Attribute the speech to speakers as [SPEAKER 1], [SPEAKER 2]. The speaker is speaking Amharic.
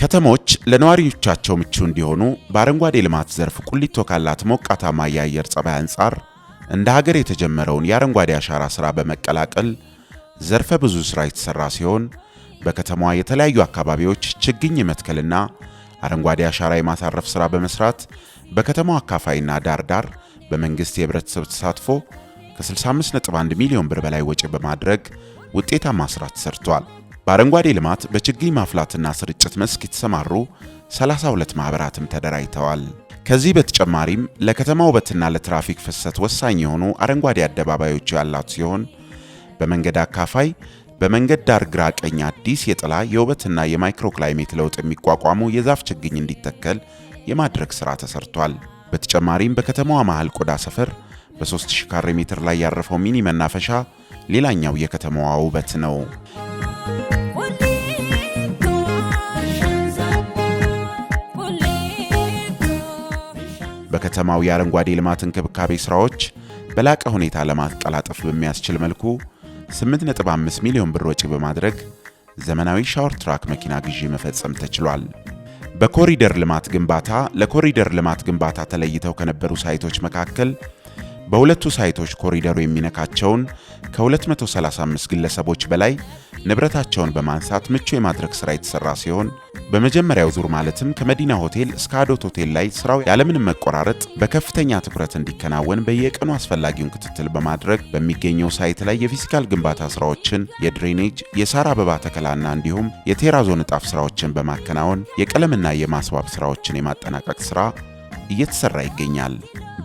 [SPEAKER 1] ከተሞች ለነዋሪዎቻቸው ምቹ እንዲሆኑ በአረንጓዴ ልማት ዘርፍ ቁሊቶ ካላት ሞቃታማ የአየር ጸባይ አንጻር እንደ ሀገር የተጀመረውን የአረንጓዴ አሻራ ስራ በመቀላቀል ዘርፈ ብዙ ስራ የተሰራ ሲሆን በከተማዋ የተለያዩ አካባቢዎች ችግኝ መትከልና አረንጓዴ አሻራ የማሳረፍ ስራ በመስራት በከተማዋ አካፋይና ዳር ዳር በመንግስት የህብረተሰብ ተሳትፎ ከ65.1 ሚሊዮን ብር በላይ ወጪ በማድረግ ውጤታማ ስራ ተሰርቷል። በአረንጓዴ ልማት በችግኝ ማፍላትና ስርጭት መስክ የተሰማሩ 32 ማኅበራትም ተደራጅተዋል። ከዚህ በተጨማሪም ለከተማ ውበትና ለትራፊክ ፍሰት ወሳኝ የሆኑ አረንጓዴ አደባባዮች ያላት ሲሆን በመንገድ አካፋይ፣ በመንገድ ዳር ግራ ቀኝ አዲስ የጥላ የውበትና የማይክሮክላይሜት ለውጥ የሚቋቋሙ የዛፍ ችግኝ እንዲተከል የማድረግ ሥራ ተሰርቷል። በተጨማሪም በከተማዋ መሃል ቆዳ ሰፈር በ3000 ካሬ ሜትር ላይ ያረፈው ሚኒ መናፈሻ ሌላኛው የከተማዋ ውበት ነው። በከተማው የአረንጓዴ ልማት እንክብካቤ ስራዎች በላቀ ሁኔታ ለማቀላጠፍ በሚያስችል መልኩ 8.5 ሚሊዮን ብር ወጪ በማድረግ ዘመናዊ ሻወር ትራክ መኪና ግዢ መፈጸም ተችሏል። በኮሪደር ልማት ግንባታ ለኮሪደር ልማት ግንባታ ተለይተው ከነበሩ ሳይቶች መካከል በሁለቱ ሳይቶች ኮሪደሩ የሚነካቸውን ከ235 ግለሰቦች በላይ ንብረታቸውን በማንሳት ምቹ የማድረግ ሥራ የተሠራ ሲሆን በመጀመሪያው ዙር ማለትም ከመዲና ሆቴል እስከ አዶት ሆቴል ላይ ስራው ያለምንም መቆራረጥ በከፍተኛ ትኩረት እንዲከናወን በየቀኑ አስፈላጊውን ክትትል በማድረግ በሚገኘው ሳይት ላይ የፊዚካል ግንባታ ስራዎችን፣ የድሬኔጅ፣ የሳር አበባ ተከላና እንዲሁም የቴራዞ ንጣፍ ስራዎችን በማከናወን የቀለምና የማስዋብ ስራዎችን የማጠናቀቅ ስራ እየተሰራ ይገኛል።